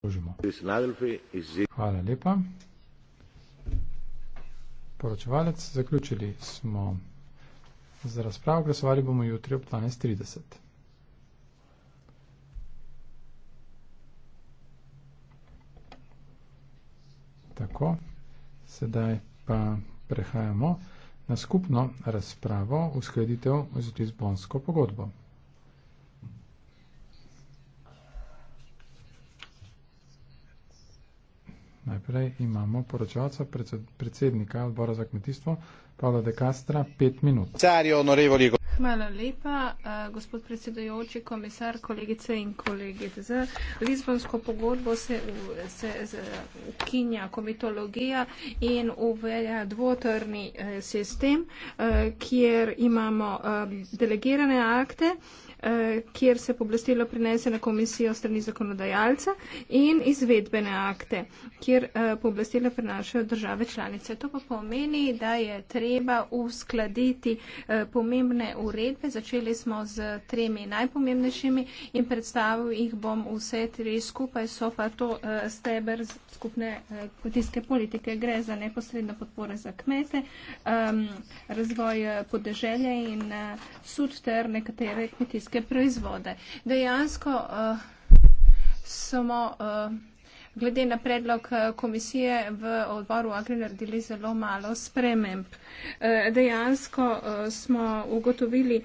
Služimo. Hvala lepa. Poročevalec, zaključili smo z razpravo, glasovali bomo jutri ob 12.30. Tako, sedaj pa prehajamo na skupno razpravo uskladitev z Lizbonsko pogodbo. Najprej imamo poročevalca predsednika odbora za kmetijstvo, Pavla De Castra, pet minut. Hvala lepa, gospod predsedujoči, komisar, kolegice in kolegi. Z Lizbonsko pogodbo se, se ukinja komitologija in uvelja dvotrni e, sistem, e, kjer imamo e, delegirane akte. Eh, kjer se poblastilo prenese na komisijo strani zakonodajalca in izvedbene akte, kjer eh, poblastilo prenašajo države članice. To pa pomeni, da je treba uskladiti eh, pomembne uredbe. Začeli smo z tremi najpomembnejšimi in predstavil jih bom vse tri skupaj, so pa to steber skupne kmetijske politike. Gre za neposredno podporo za kmete, razvoj podeželja in sud ter nekatere kmetijske kmetijske proizvode. Dejansko uh, smo uh, glede na predlog eh, komisije v odboru agri naredili zelo malo sprememb. Uh, Eh, dejansko eh, smo ugotovili,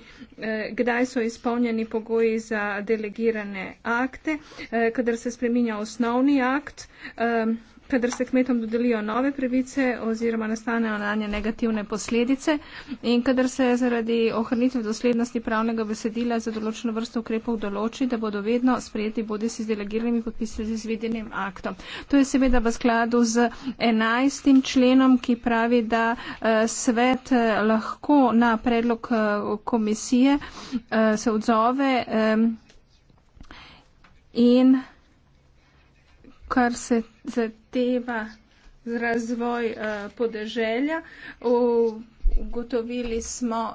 eh, kdaj so izpolnjeni pogoji za delegirane akte, kadar se spreminja osnovni akt, kadar se kmetom dodelijo nove pravice oziroma nastanejo na nje negativne posledice in kadar se zaradi ohranitve doslednosti pravnega besedila za določeno vrsto ukrepov določi, da bodo vedno sprejeti bodi si z delegiranimi podpisi z izvedenim aktom. To je seveda v skladu z 11. členom, ki pravi, da svet eh, lahko na predlog eh, komisije eh, se odzove in kar se zateva z razvoj podeželja. Ugotovili smo,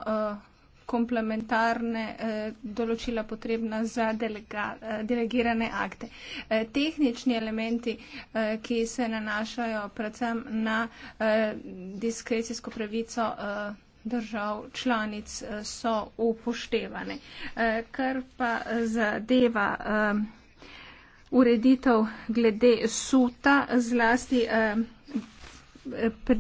komplementarne eh, določila potrebna za delega, eh, delegirane akte. Eh, tehnični elementi, eh, ki se nanašajo predvsem na eh, diskrecijsko pravico eh, držav članic, eh, so upoštevane. Eh, kar pa zadeva. Eh, ureditev glede suta zlasti. Eh,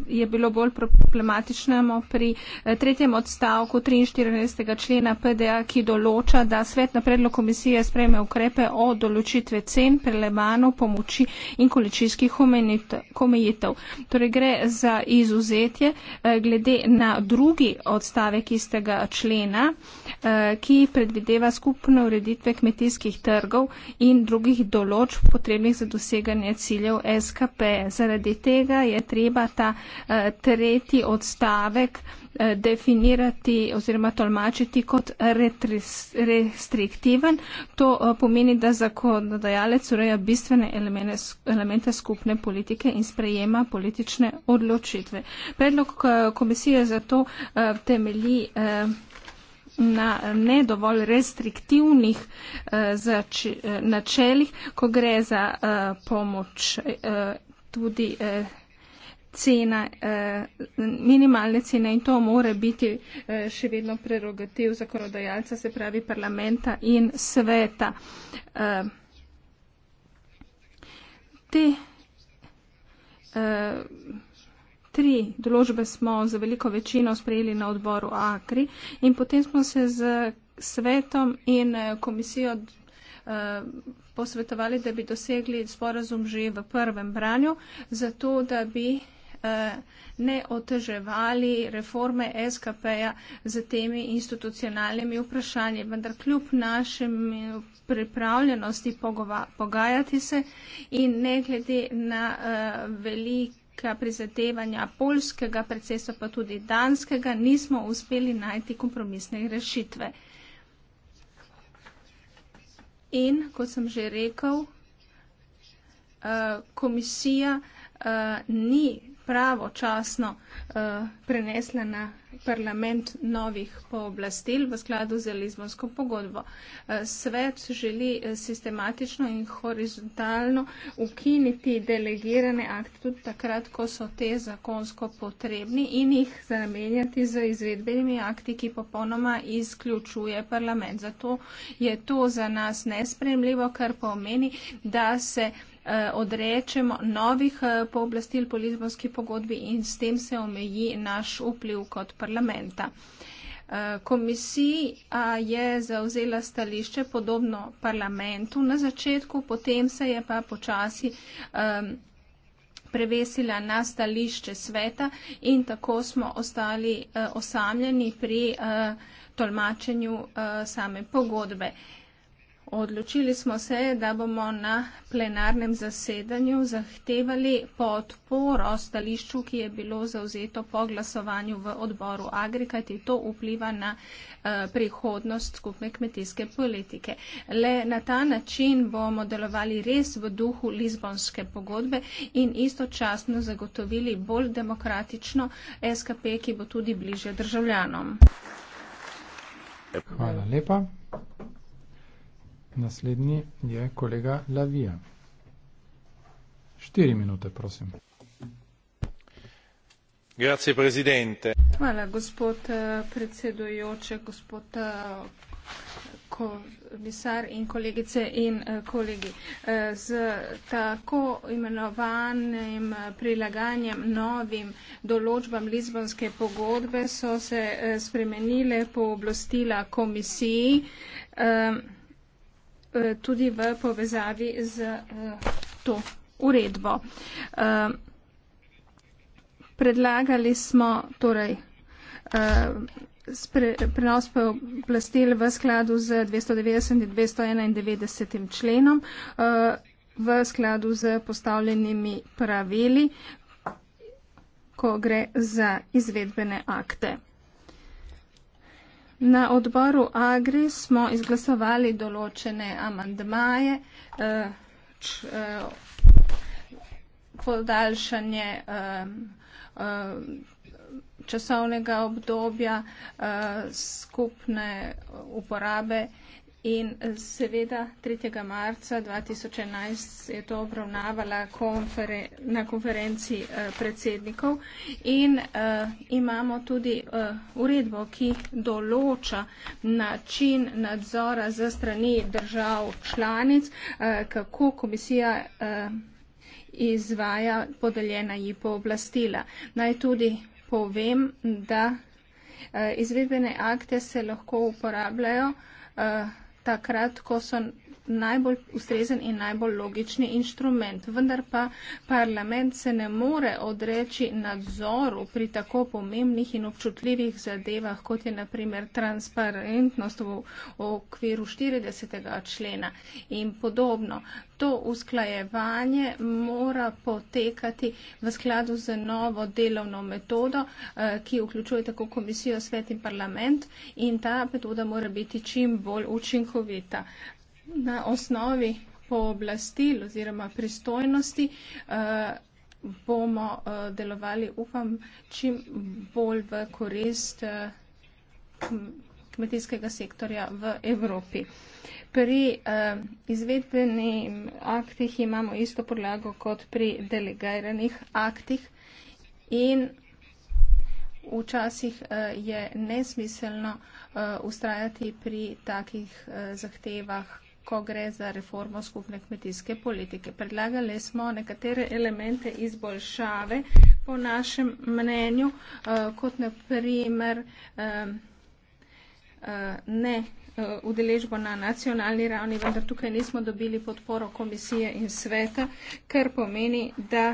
je bilo bolj problematičnemo pri eh, tretjem odstavku 43. člena PDA, ki določa, da svet na predlog komisije sprejme ukrepe o določitve cen, prelevanov, pomoči in količinskih omejitev. Torej gre za izuzetje eh, glede na drugi odstavek istega člena, eh, ki predvideva skupne ureditve kmetijskih trgov in drugih določb potrebnih za doseganje ciljev SKP. Zaradi tega je treba treba ta eh, tretji odstavek eh, definirati oziroma tolmačiti kot restriktiven. To eh, pomeni, da zakonodajalec ureja bistvene elemente, elemente skupne politike in sprejema politične odločitve. Predlog komisije za to temelji na nedovolj restriktivnih načelih, ko gre za pomoč tudi cena, eh, minimalne cene in to more biti eh, še vedno prerogativ zakonodajalca, se pravi parlamenta in sveta. Eh, te tri določbe smo za veliko večino sprejeli na odboru Akri in potem smo se z svetom in komisijo posvetovali, da bi dosegli sporazum že v prvem branju, zato da bi Eh, ne oteževali reforme SKP-ja z temi institucionalnimi vprašanji. Vendar kljub našem pripravljenosti pogajati se in ne glede na eh, velika prizadevanja polskega predsedstva, pa tudi danskega, nismo uspeli najti kompromisne rešitve. In, kot sem že rekel, eh, komisija ni pravočasno uh, prenesle na parlament novih pooblastil v skladu z Lizbonsko pogodbo. Uh, svet želi eh, sistematično in horizontalno ukiniti delegirane akte tudi takrat, ko so te zakonsko potrebni in jih zamenjati z izvedbenimi akti, ki popolnoma izključuje parlament. Zato je to za nas nespremljivo, kar pomeni, da se Eh, odrečemo novih eh, pooblastil po Lizbonski pogodbi in s tem se omeji naš vpliv kot parlamenta. Eh, komisija je zauzela stališče podobno parlamentu na začetku, potem se je pa počasi um, prevesila na stališče sveta in tako smo ostali uh, osamljeni pri uh, tolmačenju uh, same pogodbe. Uh, Odločili smo se, da bomo na plenarnem zasedanju zahtevali podporo stališču, ki je bilo zauzeto po glasovanju v odboru Agri, kajti to vpliva na eh, prihodnost skupne kmetijske politike. Le na ta način bomo delovali res v duhu Lizbonske pogodbe in istočasno zagotovili bolj demokratično SKP, ki bo tudi bliže državljanom. Hvala lepa. Naslednji je kolega Lavija. Štiri minute, prosim. Hvala, gospod eh, predsedujoče, gospod eh, komisar in kolegice in eh, kolegi. Z tako imenovanim prilaganjem novim določbam Lizbonske pogodbe so se spremenile pooblastila komisiji. Eh, tudi v povezavi z eh, to uredbo. Eh, predlagali smo torej prenos pa oblastil v skladu z 290 in 291 členom v skladu z postavljenimi pravili, ko gre za izvedbene akte. Na odboru Agri smo izglasovali določene amandmaje, eh, č, eh, podaljšanje eh, časovnega obdobja skupne uporabe In eh, seveda 3. marca 2011 je to obravnavala konferen na konferenci eh, predsednikov in eh, imamo tudi eh, uredbo, ki določa način nadzora za strani držav članic, eh, kako komisija. Eh, izvaja podeljena ji pooblastila. Naj tudi povem, da eh, izvedbene akte se lahko uporabljajo eh, takrat, ko so najbolj ustrezen in najbolj logični inštrument. Vendar pa parlament se ne more odreči nadzoru pri tako pomembnih in občutljivih zadevah, kot je naprimer transparentnost v, v okviru 40. člena in podobno. To usklajevanje mora potekati v skladu z novo delovno metodo, eh, ki vključuje tako komisijo, svet in parlament in ta metoda mora biti čim bolj učinkovita na osnovi pooblastil oziroma pristojnosti eh, bomo eh, delovali, upam, čim bolj v korist eh, kmetijskega sektorja v Evropi. Pri eh, izvedbenih aktih imamo isto podlago kot pri delegiranih aktih in včasih eh, je nesmiselno eh, ustrajati pri takih eh, zahtevah, ko gre za reformo skupne kmetijske politike. Predlagali smo nekatere elemente izboljšave po našem mnenju, eh, kot na primer eh, eh, ne udeležbo na nacionalni ravni, vendar tukaj nismo dobili podporo komisije in sveta, kar pomeni, da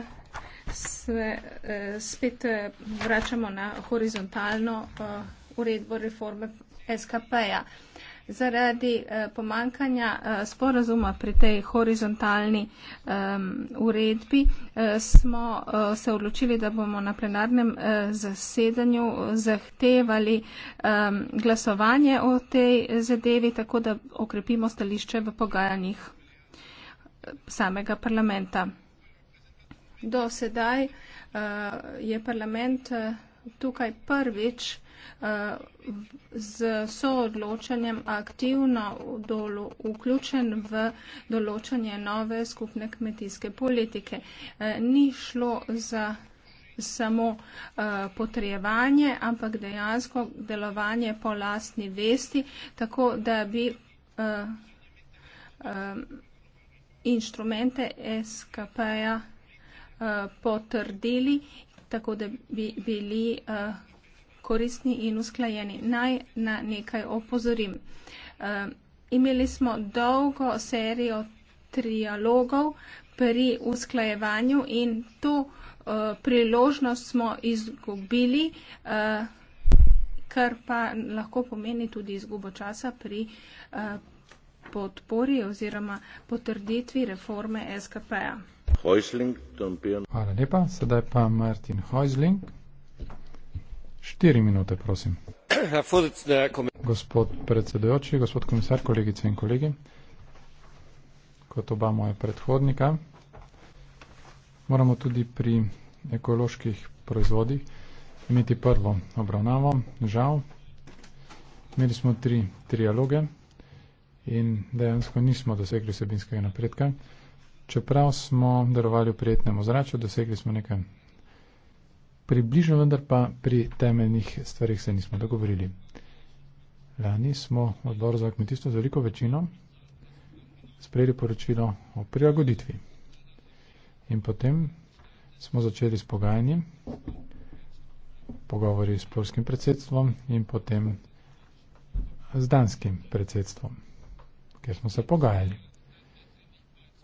se spet vračamo na horizontalno uredbo reforme SKP-ja zaradi eh, pomankanja eh, sporazuma pri tej horizontalni eh, uredbi eh, smo eh, se odločili, da bomo na plenarnem eh, zasedanju zahtevali eh, glasovanje o tej zadevi, tako da okrepimo stališče v pogajanjih eh, samega parlamenta. Do sedaj eh, je parlament eh, tukaj prvič z soodločanjem aktivno vključen v določanje nove skupne kmetijske politike. Eh, ni šlo za samo uh, eh, potrejevanje, ampak dejansko delovanje po lastni vesti, tako da bi uh, um, inštrumente SKP-ja uh, potrdili, tako da bi bili uh, koristni in usklajeni. Naj na nekaj opozorim. E, imeli smo dolgo serijo trialogov pri usklajevanju in to e, priložnost smo izgubili, e, kar pa lahko pomeni tudi izgubo časa pri e, podpori oziroma potrditvi reforme SKP-a. Hvala lepa, sedaj pa Martin Hojzling. Štiri minute, prosim. Gospod predsedojoči, gospod komisar, kolegice in kolegi, kot oba moja predhodnika, moramo tudi pri ekoloških proizvodih imeti prvo obravnavo. Žal, imeli smo tri trialoge in dejansko nismo dosegli sebinskega napredka. Čeprav smo delovali v prijetnem ozračju, dosegli smo nekaj približno, vendar pa pri temeljnih stvarih se nismo dogovorili. Lani smo odbor za kmetijstvo z veliko večino sprejeli poročilo o prilagoditvi. In potem smo začeli s pogajanji, pogovori s polskim predsedstvom in potem z danskim predsedstvom, ker smo se pogajali.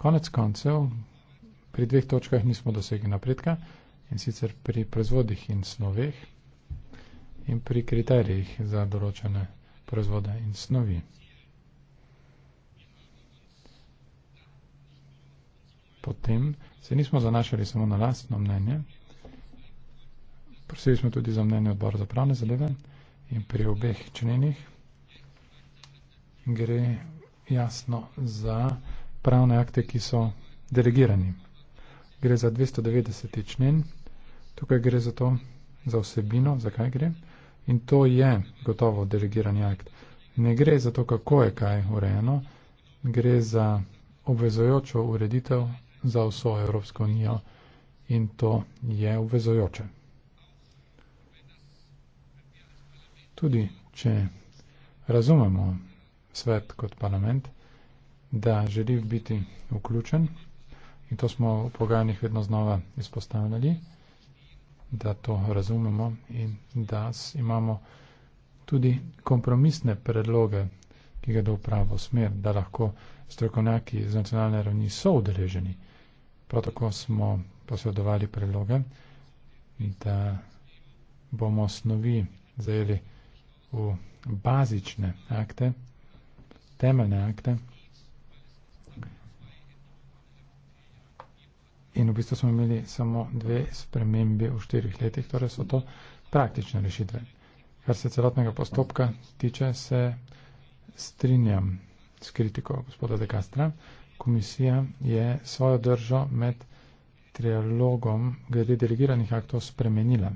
Konec koncev, pri dveh točkah nismo dosegli napredka in sicer pri proizvodih in snoveh in pri kriterijih za določene proizvode in snovi. Potem se nismo zanašali samo na lastno mnenje, prosili smo tudi za mnenje odbora za pravne zadeve in pri obeh členih gre jasno za pravne akte, ki so delegirani. Gre za 290 člen. Tukaj gre za to, za osebino, zakaj gre. In to je gotovo delegirani akt. Ne gre za to, kako je kaj urejeno, gre za obvezojočo ureditev za vso Evropsko unijo in to je obvezojoče. Tudi, če razumemo svet kot parlament, da želi biti vključen in to smo v pogajanjih vedno znova izpostavljali, da to razumemo in da imamo tudi kompromisne predloge, ki ga da v pravo smer, da lahko strokovnjaki z nacionalne ravni so udeleženi. Prav tako smo posredovali predloge, da bomo snovi zajeli v bazične akte, temeljne akte, in v bistvu smo imeli samo dve spremembe v štirih letih, torej so to praktične rešitve. Kar se celotnega postopka tiče, se strinjam s kritiko gospoda De Castra. Komisija je svojo držo med trialogom glede delegiranih aktov spremenila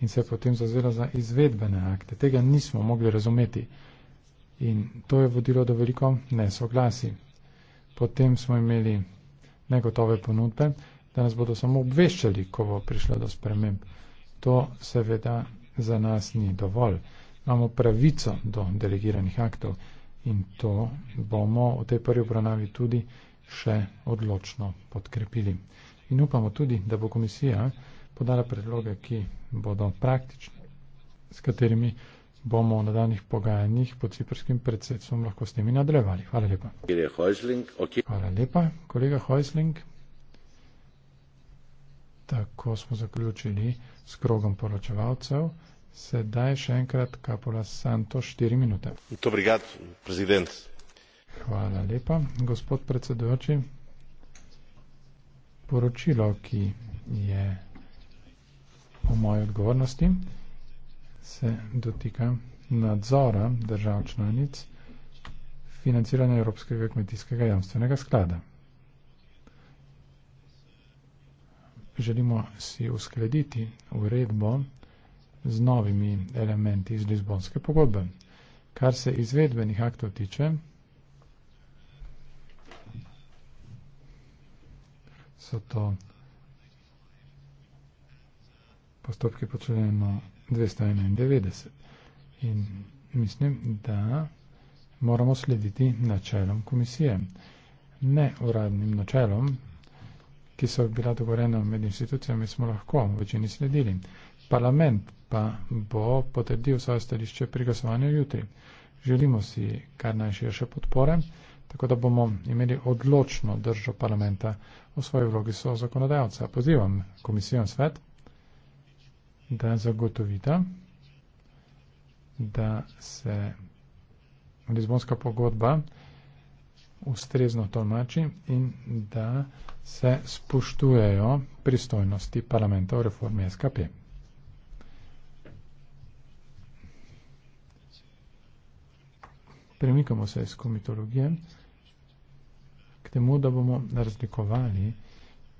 in se je potem zazela za izvedbene akte. Tega nismo mogli razumeti in to je vodilo do veliko nesoglasi. Potem smo imeli negotove ponudbe, da nas bodo samo obveščali, ko bo prišlo do sprememb. To seveda za nas ni dovolj. Imamo pravico do delegiranih aktov in to bomo v tej prvi obravnavi tudi še odločno podkrepili. In upamo tudi, da bo komisija podala predloge, ki bodo praktični, s katerimi bomo v nadaljnih pogajanjih pod ciprskim predsedstvom lahko s temi nadaljevali. Hvala lepa. Hvala lepa, kolega Hojsling. Tako smo zaključili s krogom poročevalcev. Sedaj še enkrat Kapola Santo, štiri minute. Dobrigad, prezident. Hvala lepa, gospod predsedujoči. Poročilo, ki je po moji odgovornosti, se dotika nadzora držav članic financiranja Evropskega kmetijskega jamstvenega sklada. Želimo si uskladiti uredbo z novimi elementi iz Lizbonske pogodbe. Kar se izvedbenih aktov tiče, so to postopki počeljeno 291. In mislim, da moramo slediti načelom komisije. Ne uradnim načelom, ki so bila dogovorena med institucijami, smo lahko v večini sledili. Parlament pa bo potrdil svoje stališče pri glasovanju jutri. Želimo si kar najširše podpore, tako da bomo imeli odločno držo parlamenta o svoji vlogi so zakonodajalca. Pozivam komisijo svet, da zagotovita, da se Lizbonska pogodba ustrezno tolmači in da se spoštujejo pristojnosti parlamenta v reformi SKP. Premikamo se iz komitologije k temu, da bomo razlikovali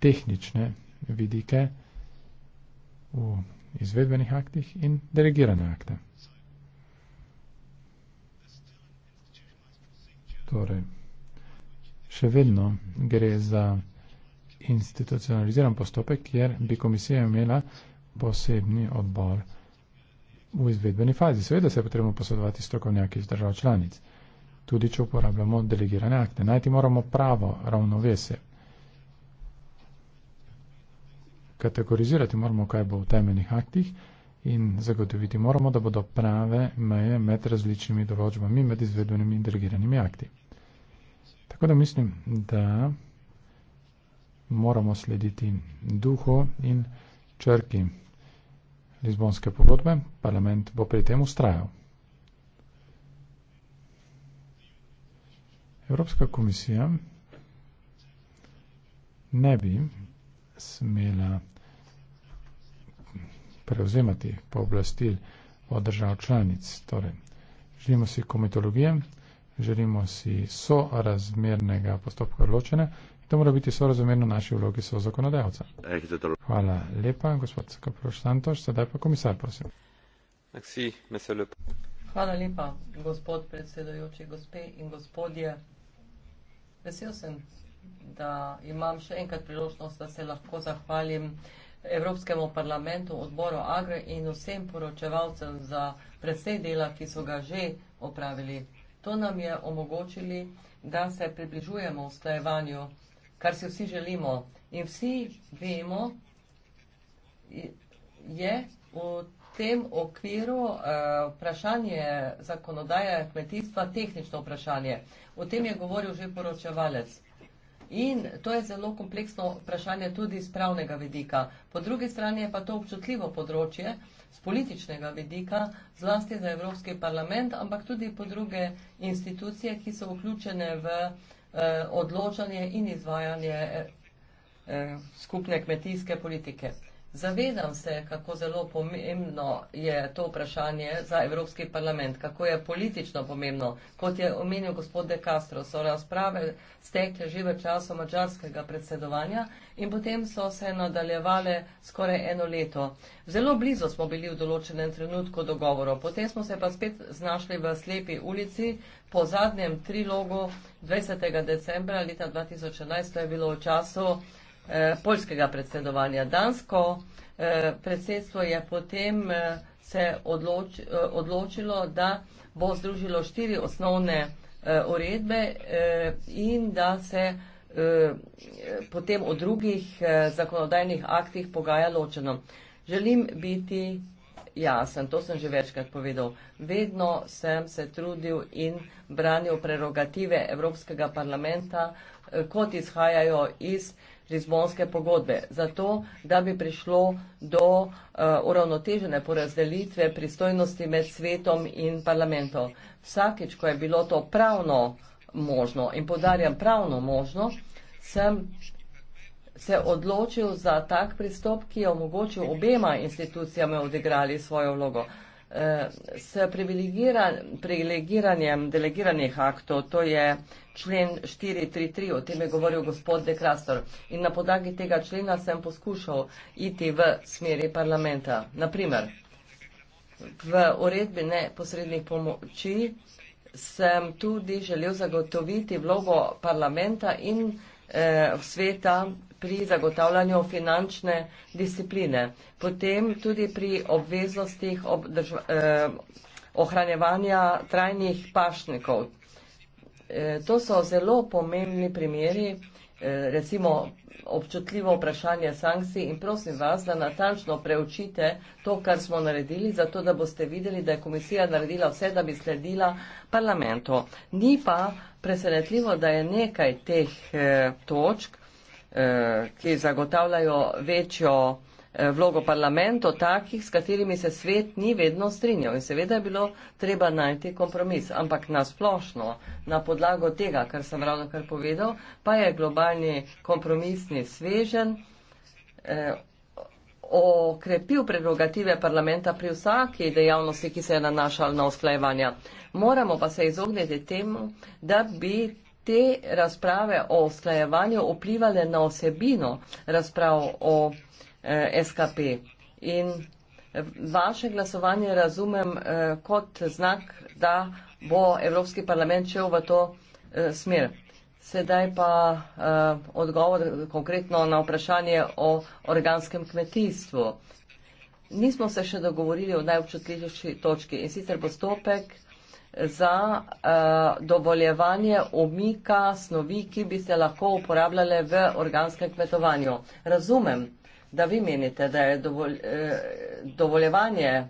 tehnične vidike v izvedbenih aktih in delegirane akte. Torej, še vedno gre za institucionaliziran postopek, kjer bi komisija imela posebni odbor v izvedbeni fazi. Seveda se je potrebno posodovati strokovnjaki iz držav članic, tudi če uporabljamo delegirane akte. Najti moramo pravo ravnovesje, kategorizirati moramo, kaj bo v temeljnih aktih in zagotoviti moramo, da bodo prave meje med različnimi določbami, med izvedbenimi in dirigiranimi akti. Tako da mislim, da moramo slediti duhu in črki Lizbonske pogodbe. Parlament bo pri tem ustrajal. Evropska komisija ne bi smela prevzemati pooblastil od držav članic. Torej, želimo si komitologije, želimo si sorazmernega postopka odločene in to mora biti sorazmerno naši vlogi so zakonodajalca. Hvala lepa, gospod Kaproš Santoš, sedaj pa komisar, prosim. Hvala lepa, gospod predsedojoči, gospe in gospodje. Vesel sem, da imam še enkrat priložnost, da se lahko zahvalim Evropskemu parlamentu, odboru Agre in vsem poročevalcem za predsej dela, ki so ga že opravili. To nam je omogočili, da se približujemo vstajevanju, kar si vsi želimo. In vsi vemo, je v tem okviru eh, vprašanje zakonodaje kmetijstva tehnično vprašanje. O tem je govoril že poročevalec. In to je zelo kompleksno vprašanje tudi iz pravnega vidika. Po drugi strani je pa to občutljivo področje z političnega vidika, zlasti za Evropski parlament, ampak tudi po druge institucije, ki so vključene v eh, odločanje in izvajanje eh, skupne kmetijske politike. Zavedam se, kako zelo pomembno je to vprašanje za Evropski parlament, kako je politično pomembno. Kot je omenil gospod De Castro, so razprave stekle že v času mačarskega predsedovanja in potem so se nadaljevale skoraj eno leto. Zelo blizu smo bili v določenem trenutku dogovoru, potem smo se pa spet znašli v slepi ulici po zadnjem trilogu 20. decembra leta 2011, to je bilo v času Eh, poljskega predsedovanja Dansko. Eh, predsedstvo je potem eh, se odloč, odločilo, da bo združilo štiri osnovne uredbe in da se potem o drugih zakonodajnih aktih pogaja ločeno. Želim biti jasen, to sem že večkrat povedal. Vedno sem se trudil in branil prerogative Evropskega parlamenta, kot izhajajo iz Lizbonske pogodbe, zato da bi prišlo do uh, uravnotežene porazdelitve pristojnosti med svetom in parlamentom. Vsakič, ko je bilo to pravno možno in podarjam pravno možno, sem se odločil za tak pristop, ki je omogočil obema institucijama odigrali svojo vlogo. Eh, s privilegiranjem delegiranih aktov, to je člen 433, o tem je govoril gospod De Krastor. In na podlagi tega člena sem poskušal iti v smeri parlamenta. Naprimer, v uredbi neposrednih pomoči sem tudi želel zagotoviti vlogo parlamenta in eh, sveta pri zagotavljanju finančne discipline, potem tudi pri obveznostih obdrž, eh, ohranjevanja trajnih pašnikov. Eh, to so zelo pomembni primeri, eh, recimo občutljivo vprašanje sankcij in prosim vas, da natančno preučite to, kar smo naredili, zato da boste videli, da je komisija naredila vse, da bi sledila parlamentu. Ni pa presenetljivo, da je nekaj teh eh, točk eh, Eh, ki zagotavljajo večjo eh, vlogo parlamentov, takih, s katerimi se svet ni vedno strinjal. In seveda je bilo treba najti kompromis. Ampak nasplošno, na podlago tega, kar sem ravno kar povedal, pa je globalni kompromisni svežen eh, okrepil prerogative parlamenta pri vsaki dejavnosti, ki se je nanašala na usklajevanja. Moramo pa se izogniti temu, da bi te razprave o usklajevanju vplivale na osebino razprav o eh, SKP. In eh, vaše glasovanje razumem eh, kot znak, da bo Evropski parlament šel v to eh, smer. Sedaj pa eh, odgovor konkretno na vprašanje o organskem kmetijstvu. Nismo se še dogovorili o najobčutljivejši točki in sicer postopek za uh, dovoljevanje omika snovi, ki bi se lahko uporabljale v organskem kmetovanju. Razumem, da vi menite, da je dovolj, uh, eh, dovoljevanje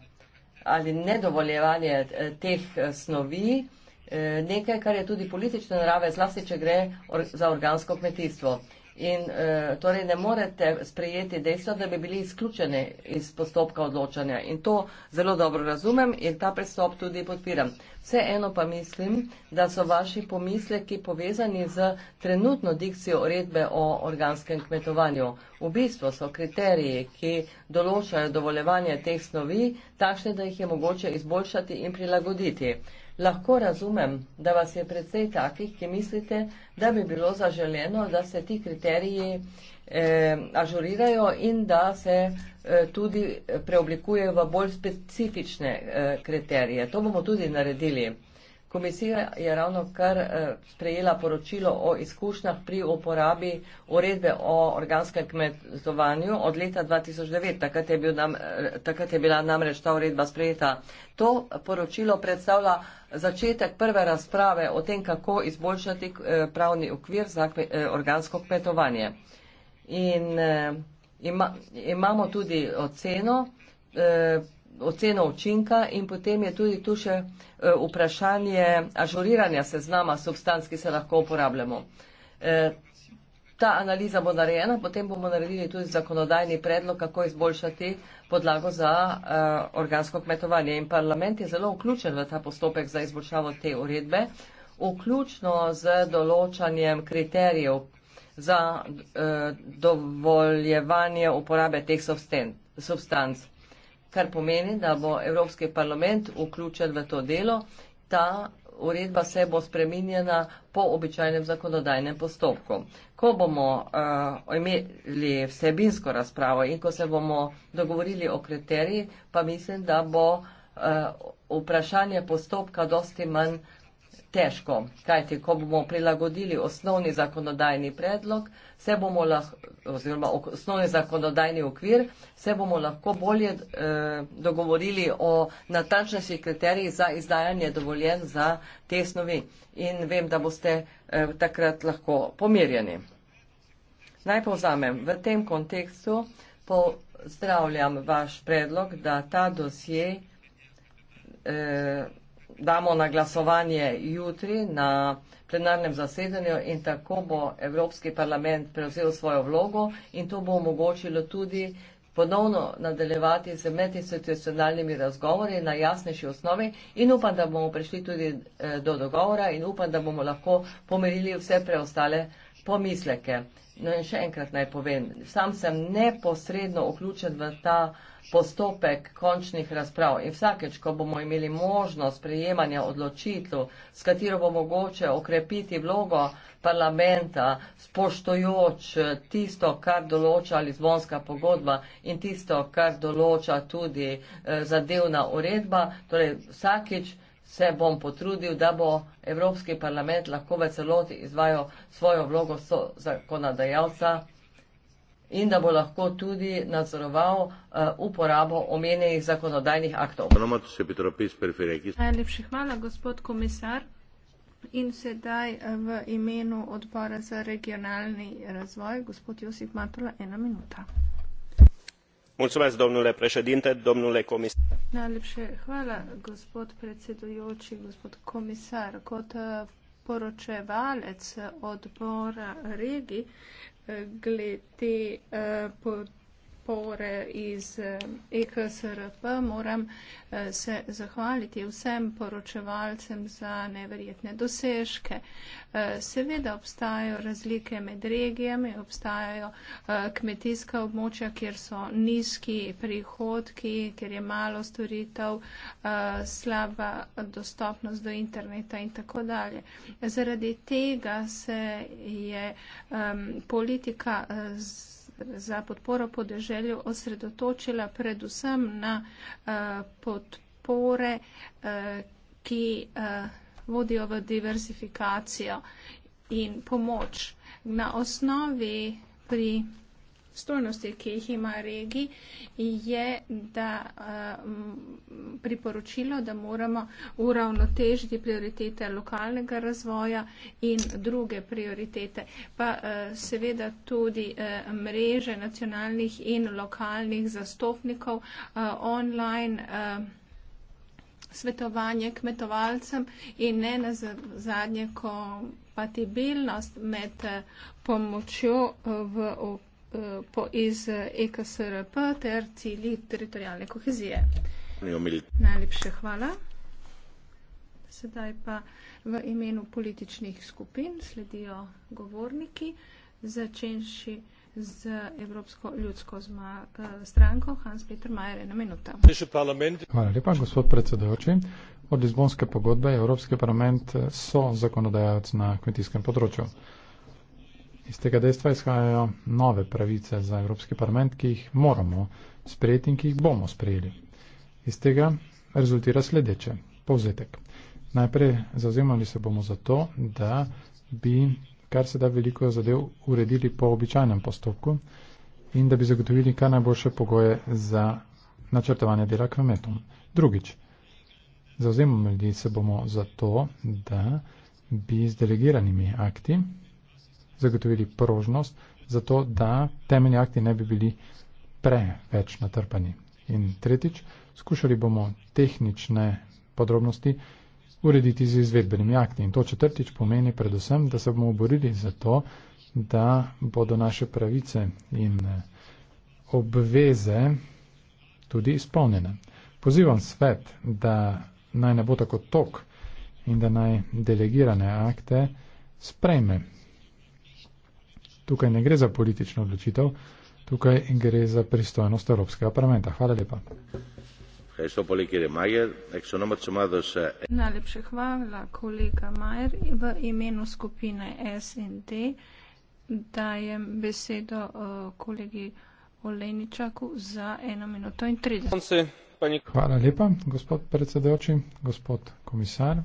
ali nedovoljevanje eh, teh snovi uh, nekaj, kar je tudi politične narave, zlasti, če gre or za organsko kmetijstvo. Uh, In uh, torej ne morete sprejeti dejstva, da bi bili izključeni iz postopka odločanja. In to zelo dobro razumem in ta pristop tudi podpiram. Vseeno pa mislim, da so vaši pomisleki povezani z trenutno dikcijo uredbe o organskem kmetovanju. V bistvu so kriteriji, ki določajo dovoljevanje teh snovi, takšne, da jih je mogoče izboljšati in prilagoditi. Lahko razumem, da vas je predvsej takih, ki mislite, da bi bilo zaželeno, da se ti kriteriji eh, ažurirajo in da se eh, tudi preoblikujejo v bolj specifične eh, kriterije. To bomo tudi naredili. Komisija je ravno kar eh, sprejela poročilo o izkušnjah pri uporabi uredbe o organskem kmetovanju od leta 2009. Takrat je, bil nam, eh, takrat je bila namreč ta uredba sprejeta. To poročilo predstavlja začetek prve razprave o tem, kako izboljšati eh, pravni okvir za organsko kmetovanje. In ima, imamo tudi oceno oceno učinka in potem je tudi tu še eh, vprašanje ažuriranja seznama substanc, ki se lahko uporabljamo. Eh, ta analiza bo narejena, potem bomo naredili tudi zakonodajni predlog, kako izboljšati podlago za eh, organsko kmetovanje. In parlament je zelo vključen v ta postopek za izboljšavo te uredbe, vključno z določanjem kriterijev za dovoljevanje uporabe teh substanc kar pomeni, da bo Evropski parlament vključen v to delo. Ta uredba se bo spreminjena po običajnem zakonodajnem postopku. Ko bomo uh, imeli vsebinsko razpravo in ko se bomo dogovorili o kriterijih, pa mislim, da bo uh, vprašanje postopka dosti manj uh, težko, kajti ko bomo prilagodili osnovni zakonodajni predlog, se bomo lahko, oziroma osnovni zakonodajni okvir, se bomo lahko bolje eh, dogovorili o natančnejših kriterijih za izdajanje dovoljen za te snovi in vem, da boste eh, takrat lahko pomirjeni. Naj povzamem, v tem kontekstu pozdravljam vaš predlog, da ta dosje eh, damo na glasovanje jutri na plenarnem zasedanju in tako bo Evropski parlament prevzel svojo vlogo in to bo omogočilo tudi ponovno nadaljevati z medinstitucionalnimi razgovori na jasnejši osnovi in upam, da bomo prišli tudi eh, do dogovora in upam, da bomo lahko pomerili vse preostale pomisleke. No in še enkrat naj povem, sam sem neposredno vključen v ta postopek končnih razprav in vsakeč, ko bomo imeli možnost prejemanja odločitev, s katero bo mogoče okrepiti vlogo parlamenta, spoštojoč tisto, kar določa Lizbonska pogodba in tisto, kar določa tudi eh, zadevna uredba, torej vsakeč, se bom potrudil, da bo Evropski parlament lahko v celoti izvajal svojo vlogo so zakonodajalca in da bo lahko tudi nadzoroval uh, uporabo omenjenih zakonodajnih aktov. Najlepši hvala, gospod komisar. In sedaj eh, v imenu odbora za regionalni razvoj, gospod Josip Matula, ena minuta najlepša hvala gospod predsedujoči gospod komisar kot eh, poročevalec odbora regi eh, glede področja kohezije in strukturnih fondov podpore iz EKSRP. Eh, e Moram eh, se zahvaliti vsem poročevalcem za neverjetne dosežke. Eh, seveda obstajajo razlike med regijami, obstajajo kmetijska območja, kjer so nizki prihodki, kjer je malo storitev, slaba dostopnost do interneta in tako dalje. Zaradi tega se je politika zelo za podporo podeželju osredotočila predvsem na eh, podpore, eh, ki eh, vodijo v diversifikacijo in pomoč. Na osnovi pri pristojnosti, ki jih ima regi, je da, um, priporočilo, da moramo uravnotežiti prioritete lokalnega razvoja in druge prioritete, pa uh, seveda tudi uh, mreže nacionalnih in lokalnih zastopnikov uh, online. Uh, svetovanje kmetovalcem in ne na zadnje kompatibilnost med pomočjo v okolju. Eh, po, iz EKSRP eh, e ter cilji teritorijalne kohezije. Najlepše hvala. Sedaj pa v imenu političnih skupin sledijo govorniki, začenši z Evropsko ljudsko eh, stranko Hans Peter Majer, ena minuta. Hvala lepa, gospod predsedujoči. Od Lizbonske pogodbe Evropski parlament so zakonodajalec na kmetijskem področju. Iz tega dejstva izhajajo nove pravice za Evropski parlament, ki jih moramo sprejeti in ki jih bomo sprejeli. Iz tega rezultira sledeče povzetek. Najprej zauzemali se bomo za to, da bi kar se da veliko zadev uredili po običajnem postopku in da bi zagotovili kar najboljše pogoje za načrtovanje dela kmetom. Drugič, zauzemali se bomo za to, da bi z delegiranimi akti zagotovili prožnost, zato da temeljni akti ne bi bili preveč natrpani. In tretjič, skušali bomo tehnične podrobnosti urediti z izvedbenimi akti. In to četrtič pomeni predvsem, da se bomo borili za to, da bodo naše pravice in eh, obveze tudi izpolnjene. Pozivam svet, da naj ne bo tako tok in da naj delegirane akte sprejme Tukaj ne gre za politično odločitev, tukaj gre za pristojnost Evropskega parlamenta. Hvala lepa. Najlepše hvala, kolega Majer. V imenu skupine SND dajem besedo eh, kolegi Oleničaku za eno minuto in 30. Hvala lepa, gospod predsedojoči, gospod komisar.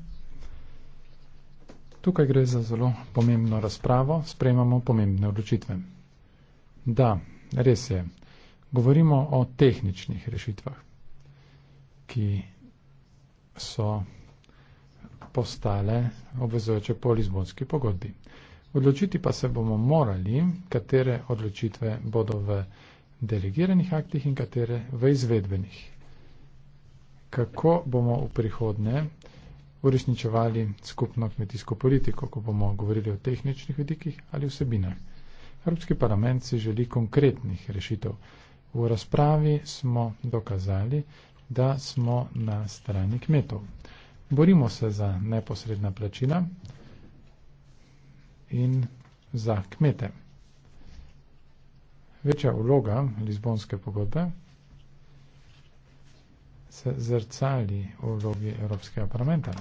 Tukaj gre za zelo pomembno razpravo, sprejemamo pomembne odločitve. Da, res je. Govorimo o tehničnih rešitvah, ki so postale obvezujoče po Lizbonski pogodbi. Odločiti pa se bomo morali, katere odločitve bodo v delegiranih aktih in katere v izvedbenih. Kako bomo v prihodnje uresničevali skupno kmetijsko politiko, ko bomo govorili o tehničnih vidikih ali vsebinah. Evropski parlament si želi konkretnih rešitev. V razpravi smo dokazali, da smo na strani kmetov. Borimo se za neposredna plačila in za kmete. Večja vloga Lizbonske pogodbe se zrcali v vlogi Evropskega parlamenta.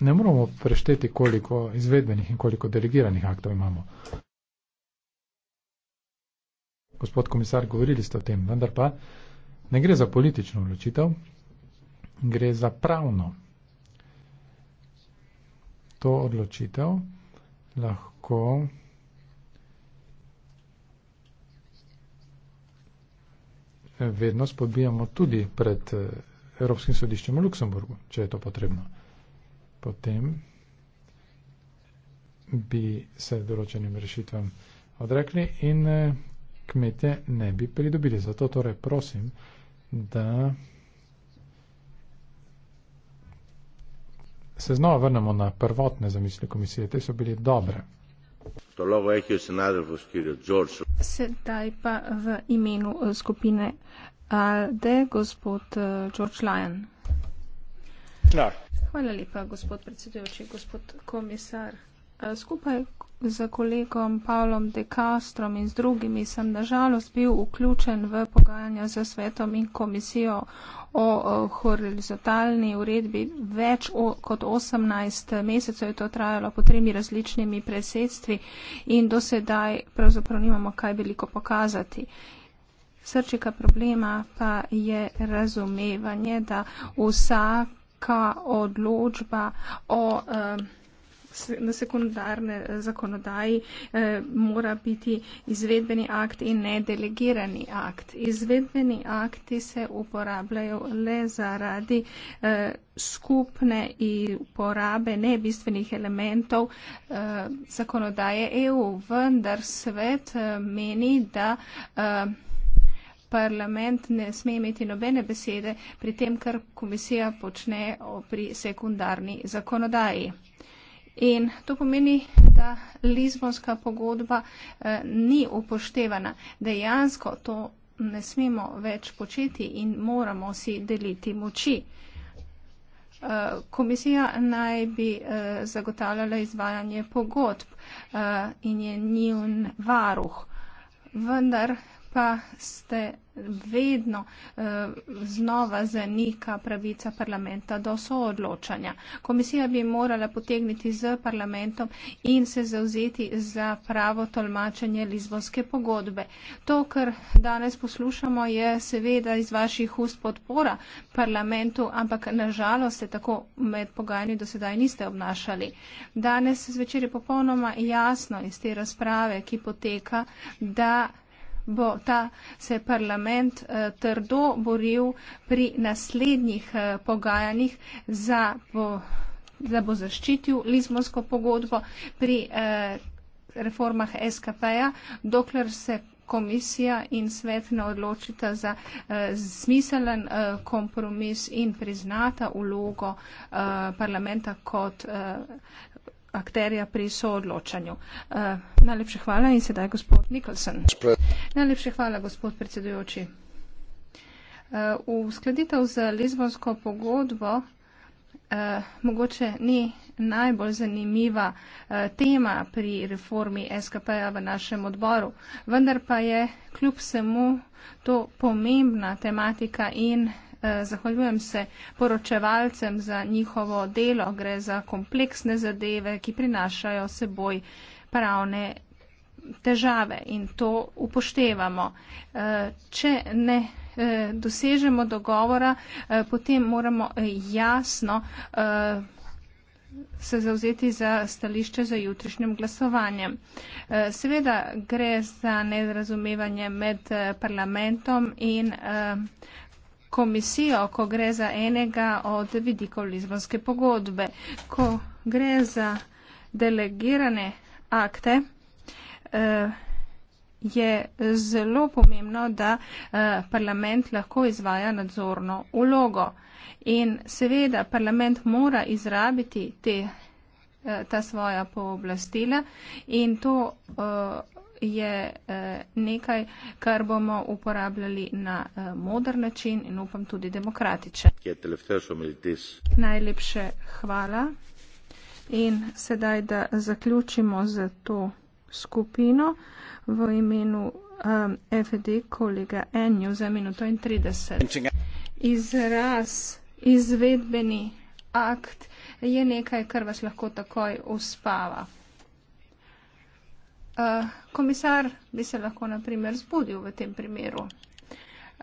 Ne moramo prešteti, koliko izvedbenih in koliko delegiranih aktov imamo. Gospod komisar, govorili ste o tem, vendar pa ne gre za politično vločitev, gre za pravno. To odločitev lahko vedno spodbijamo tudi pred eh, Evropskim sodiščem v Luksemburgu, če je to potrebno. Potem bi se določenim rešitvam odrekli in eh, kmete ne bi pridobili. Zato torej prosim, da se znova vrnemo na prvotne zamisli komisije. Te so bili dobre. Sedaj pa v imenu skupine ALDE gospod George Lyon. Hvala lepa, gospod predsedujoči, gospod komisar. Skupaj za kolegom Pavlom De Castrom in z drugimi sem nažalost bil vključen v pogajanja za svetom in komisijo o horizontalni uredbi. Več o, kot 18 mesecev je to trajalo po tremi različnimi presedstvi in do sedaj pravzaprav nimamo kaj veliko pokazati. Srčika problema pa je razumevanje, da vsaka odločba o eh, na sekundarne eh, zakonodaji eh, mora biti izvedbeni akt in ne delegirani akt. Izvedbeni akti se uporabljajo le zaradi eh, skupne in uporabe nebistvenih elementov zakonodaje EU. Vendar svet meni, da parlament ne sme imeti nobene besede pri tem, kar komisija počne pri sekundarni zakonodaji. In to pomeni, da Lizbonska pogodba eh, ni upoštevana. Dejansko to ne smemo več početi in moramo si deliti moči. Eh, komisija naj bi eh, zagotavljala izvajanje pogodb eh, in je njun varuh. Vendar pa ste vedno eh, znova zanika pravica parlamenta do soodločanja. Komisija bi morala potegniti z parlamentom in se zauzeti za pravo tolmačenje Lizbonske pogodbe. To, kar danes poslušamo, je seveda iz vaših ust podpora parlamentu, ampak nažalost se tako med pogajanji do sedaj niste obnašali. Danes zvečer je popolnoma jasno iz te razprave, ki poteka, da bo ta se parlament eh, trdo boril pri naslednjih eh, pogajanjih za bo, da bo zaščitil Lizbonsko pogodbo pri eh, reformah SKP-ja, dokler se komisija in svet ne odločita za eh, smiselen eh, kompromis in priznata vlogo eh, parlamenta kot eh, akterja pri soodločanju. Uh, eh, najlepše hvala in sedaj gospod Nikolsen. Najlepše hvala, gospod predsedujoči. Uh, eh, v skladitev z Lizbonsko pogodbo uh, mogoče ni najbolj zanimiva uh, tema pri reformi SKP-ja v našem odboru, vendar pa je kljub vsemu to pomembna tematika in Eh, zahvaljujem se poročevalcem za njihovo delo. Gre za kompleksne zadeve, ki prinašajo seboj pravne težave in to upoštevamo. Eh, če ne eh, dosežemo dogovora, potem moramo jasno se zauzeti za stališče za jutrišnjem glasovanjem. Seveda gre za nerazumevanje med parlamentom in komisijo, ko gre za enega od vidikov Lizbonske pogodbe. Ko gre za delegirane akte, eh, je zelo pomembno, da eh, parlament lahko izvaja nadzorno ulogo. In seveda parlament mora izrabiti te, eh, ta svoja pooblastila in to je eh, nekaj, kar bomo uporabljali na eh, modr način in upam tudi demokratičen. Najlepše hvala. In sedaj, da zaključimo z to skupino v imenu um, eh, FD kolega Enju za minuto in 30. Izraz, izvedbeni akt je nekaj, kar vas lahko takoj uspava. Eh, komisar bi se lahko na primer zbudil v tem primeru.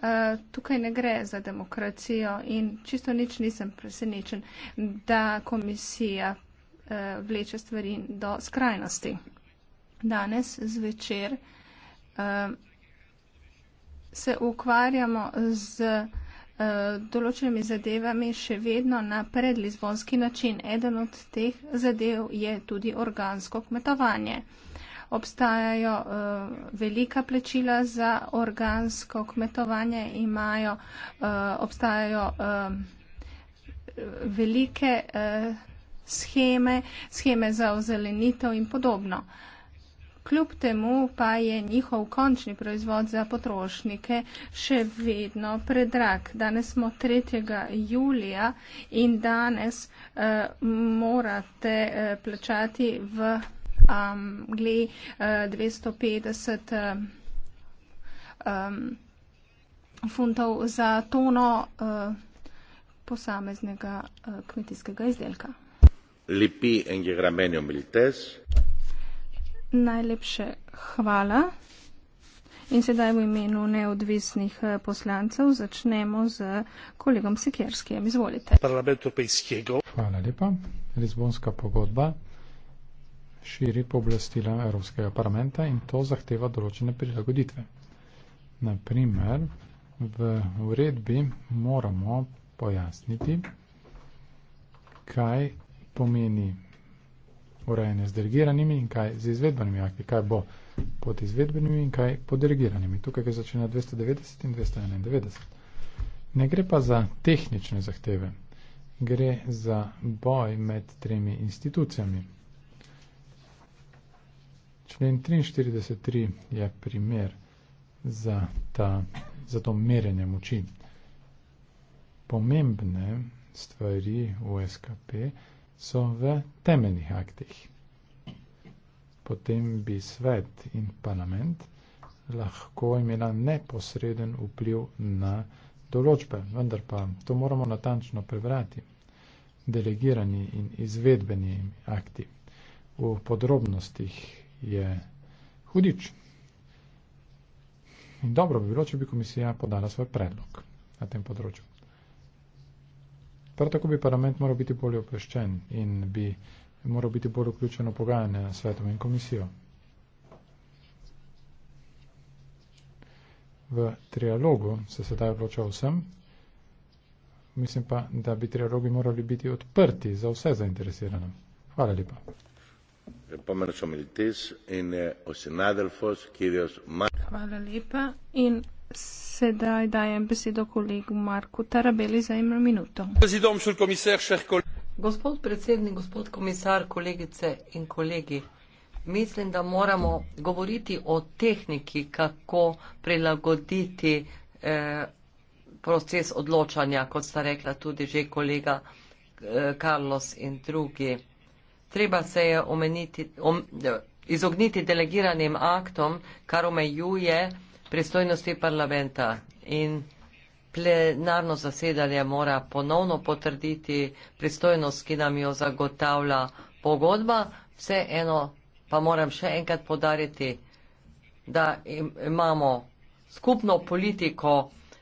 Eh, tukaj ne gre za demokracijo in čisto nič nisem presenečen, da komisija eh, vleče stvari do skrajnosti. Danes zvečer se ukvarjamo z določenimi zadevami še vedno na predlizbonski način. Eden od teh zadev je tudi organsko kmetovanje obstajajo uh, velika plečila za organsko kmetovanje, imajo, uh, obstajajo uh, velike uh, scheme, scheme za ozelenitev in podobno. Kljub temu pa je njihov končni proizvod za potrošnike še vedno predrag. Danes smo 3. julija in danes uh, morate uh, plačati v um, gle, uh, 250 um, funtov za tono uh, posameznega uh, kmetijskega izdelka. Lepi en geramenjo milites. Najlepše hvala. In sedaj v imenu neodvisnih eh, poslancev začnemo z kolegom Sikerskim. Izvolite. Hvala lepa. Lizbonska pogodba širi pooblastila Evropskega parlamenta in to zahteva določene prilagoditve. Naprimer, v uredbi moramo pojasniti, kaj pomeni urejanje z delegiranimi in kaj z izvedbenimi akti, kaj bo pod izvedbenimi in kaj pod delegiranimi. Tukaj je začenja 290 in 291. Ne gre pa za tehnične zahteve, gre za boj med tremi institucijami. Člen 43.3 je primer za, ta, za to merjenje moči. Pomembne stvari v SKP so v temeljnih aktih. Potem bi svet in parlament lahko imela neposreden vpliv na določbe, vendar pa to moramo natančno prebrati. Delegirani in izvedbeni akti v podrobnostih je hudič. In dobro bi bilo, če bi komisija podala svoj predlog na tem področju. Prav tako bi parlament moral biti bolj opreščen in bi moral biti bolj vključen v pogajanje na svetom in komisijo. V trialogu se sedaj odloča vsem. Mislim pa, da bi trialogi morali biti odprti za vse zainteresirane. Hvala lepa. Hvala lepa. In sedaj dajem besedo kolegu Marku Tarabeli za eno minuto. Gospod predsednik, gospod komisar, kolegice in kolegi. Mislim, da moramo govoriti o tehniki, kako prilagoditi eh, proces odločanja, kot sta rekla tudi že kolega eh, Carlos in drugi. Treba se je omeniti, om, eh, izogniti delegiranim aktom, kar omejuje pristojnosti parlamenta. In plenarno zasedanje mora ponovno potrditi pristojnost, ki nam jo zagotavlja pogodba. Vseeno pa moram še enkrat podariti, da imamo skupno politiko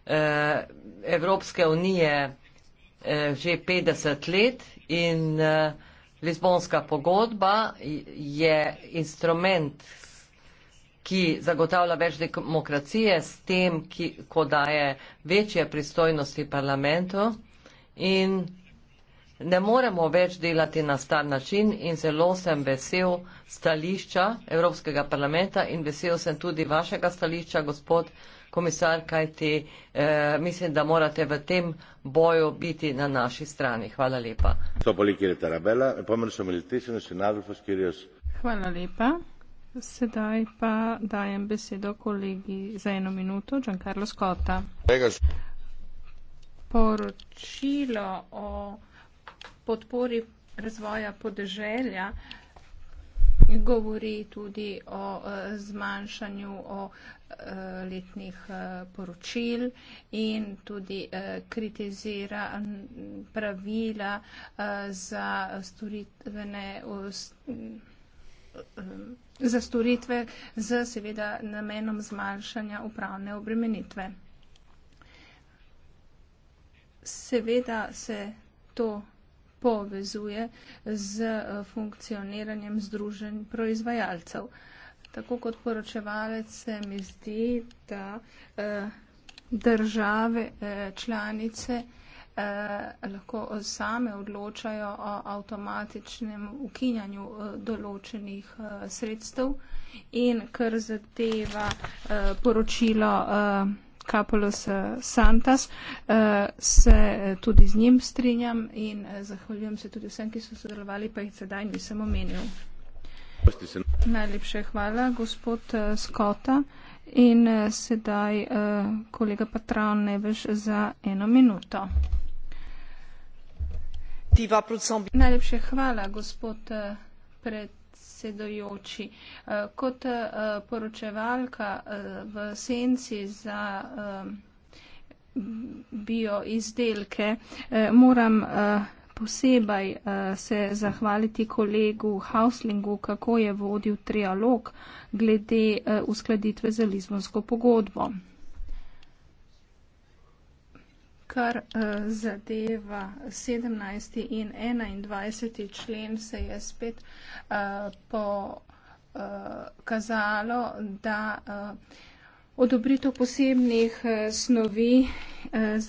eh, Evropske unije eh, že 50 let in eh, Lizbonska pogodba je instrument, ki zagotavlja več demokracije s tem, ki, ko daje večje pristojnosti parlamentu in ne moremo več delati na star način in zelo sem vesel stališča Evropskega parlamenta in vesel sem tudi vašega stališča, gospod komisar, kajti eh, mislim, da morate v tem boju biti na naši strani. Hvala lepa. Hvala lepa. Sedaj pa dajem besedo kolegi za eno minuto, Giancarlo Scotta. Poročilo o podpori razvoja podeželja govori tudi o e, zmanjšanju o e, letnih e, poročil in tudi kritizira pravila za storitvene za storitve z seveda namenom zmanjšanja upravne obremenitve. Seveda se to povezuje z eh, funkcioniranjem združenj proizvajalcev. Tako kot poročevalec se mi zdi, da eh, države eh, članice lahko same odločajo o avtomatičnem ukinjanju določenih sredstev in kar zadeva poročilo Kapolos eh, Santas, eh, se eh, tudi z njim strinjam in zahvaljujem se tudi vsem, ki so sodelovali, pa jih sedaj nisem omenil. Najlepše hvala, gospod Skota. In sedaj kolega Patrao Neveš za eno minuto. Najlepše hvala, gospod pred predsedojoči. Eh, kot eh, poročevalka eh, v senci za bioizdelke moram posebej se zahvaliti kolegu Hauslingu, kako je vodil trialog glede uskladitve za Lizbonsko pogodbo. kar uh, zadeva 17. in 21. člen, se je spet uh, pokazalo, uh, da. Uh, odobritev posebnih eh, snovi eh,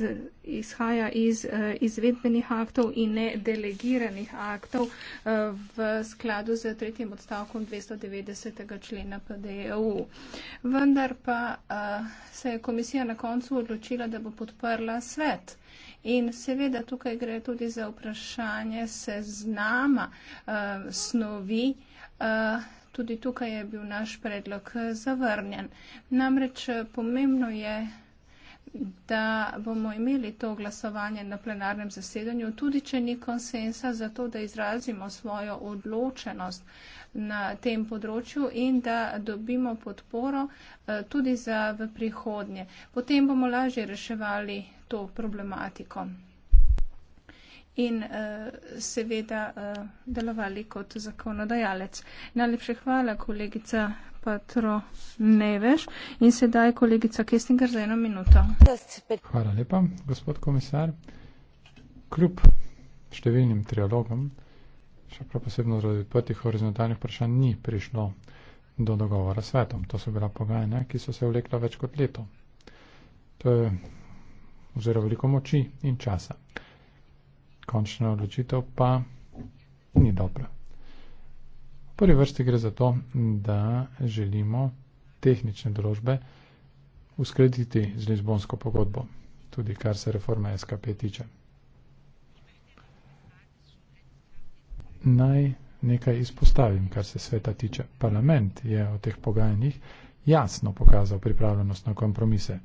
izhaja iz eh, izvedbenih aktov in ne delegiranih aktov v skladu z tretjim odstavkom 290. člena PDEU. Vendar pa se je komisija na koncu odločila, da bo podprla svet. In seveda tukaj gre tudi za vprašanje seznama snovi tudi tukaj je bil naš predlog eh, zavrnjen. Namreč eh, pomembno je, da bomo imeli to glasovanje na plenarnem zasedanju, tudi če ni konsensa, zato da izrazimo svojo odločenost na tem področju in da dobimo podporo eh, tudi za v prihodnje. Potem bomo lažje reševali to problematiko in uh, seveda uh, delovali kot zakonodajalec. Najlepše hvala, kolegica Patro Neveš. In sedaj kolegica Kestinger za eno minuto. Hvala lepa, gospod komisar. Kljub številnim trialogom, še prav posebno zaradi odprtih horizontalnih vprašanj, ni prišlo do dogovora s svetom. To so bila pogajanja, ki so se vlekla več kot leto. To je oziroma veliko moči in časa končna odločitev pa ni dobra. V prvi vrsti gre za to, da želimo tehnične določbe uskladiti z Lizbonsko pogodbo, tudi kar se reforme SKP tiče. Naj nekaj izpostavim, kar se sveta tiče. Parlament je o teh pogajanjih jasno pokazal pripravljenost na kompromise.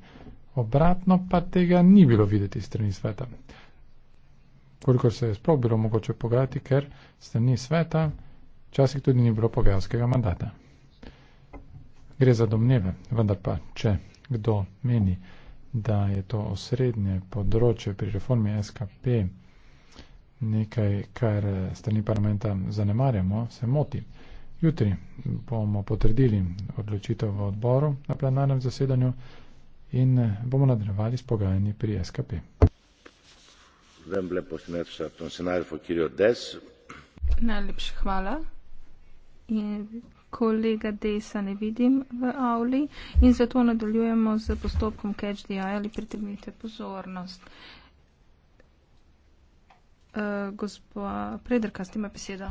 Obratno pa tega ni bilo videti strani sveta koliko se je sploh bilo mogoče pogajati, ker strani sveta včasih tudi ni bilo pogajalskega mandata. Gre za domneve, vendar pa, če kdo meni, da je to osrednje področje pri reformi SKP nekaj, kar strani parlamenta zanemarjamo, se moti. Jutri bomo potrdili odločitev v odboru na plenarnem zasedanju in bomo nadaljevali s pogajanji pri SKP. Najlepša hvala. In kolega Desa ne vidim v avli in zato nadaljujemo z postopkom Catch the Eye ali pritegnite pozornost. Uh, eh, gospod Predrka, ste ima besedo.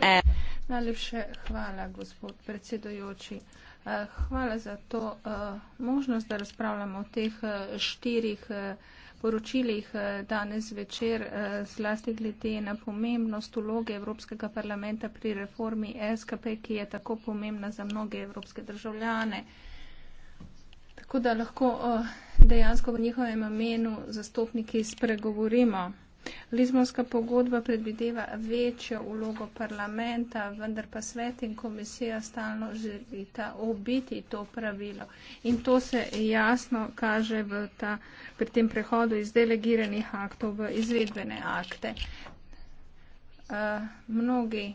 Eh. Najlepše hvala, gospod predsedojoči. Uh, eh, hvala za to uh, možnost, da razpravljamo o teh uh, štirih uh, poročilih eh, danes večer, eh, zlasti glede na pomembnost uloge Evropskega parlamenta pri reformi SKP, ki je tako pomembna za mnoge evropske državljane. Tako da lahko eh, dejansko v njihovem imenu zastopniki spregovorimo. Lizbonska pogodba predvideva večjo ulogo parlamenta, vendar pa svet in komisija stalno želita obiti to pravilo. In to se jasno kaže ta, pri tem prehodu iz delegiranih aktov v izvedbene akte. Uh, mnogi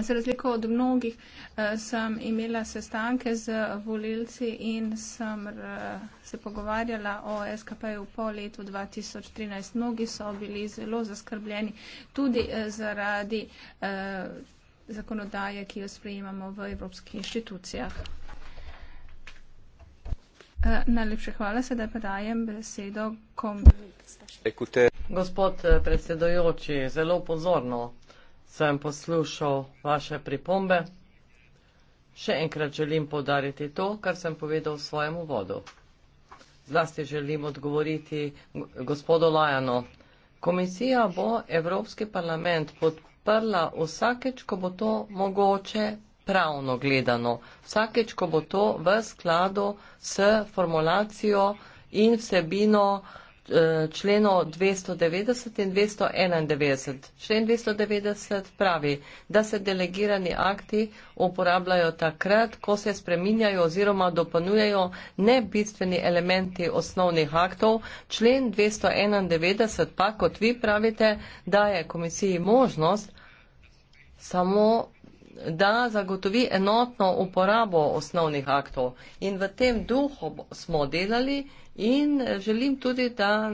Za razliko od mnogih eh, sem imela sestanke z volilci in sem eh, se pogovarjala o SKP-ju po letu 2013. Mnogi so bili zelo zaskrbljeni tudi eh, zaradi zakonodaje, ki jo sprejemamo v evropskih inštitucijah. Najlepše hvala, sedaj pa dajem besedo komisarju. Gospod predsedojoči, zelo pozorno sem poslušal vaše pripombe. Še enkrat želim povdariti to, kar sem povedal v svojem uvodu. Zlasti želim odgovoriti gospodu Lajano. Komisija bo Evropski parlament podprla vsakeč, ko bo to mogoče pravno gledano, vsakeč, ko bo to v skladu s formulacijo in vsebino uh, Eh, členov 290 in 291. Člen 290 pravi, da se delegirani akti uporabljajo takrat, ko se spreminjajo oziroma dopolnjujejo nebistveni elementi osnovnih aktov. Člen 291 pa, kot vi pravite, daje komisiji možnost samo da zagotovi enotno uporabo osnovnih aktov. In v tem duhu smo delali in želim tudi, da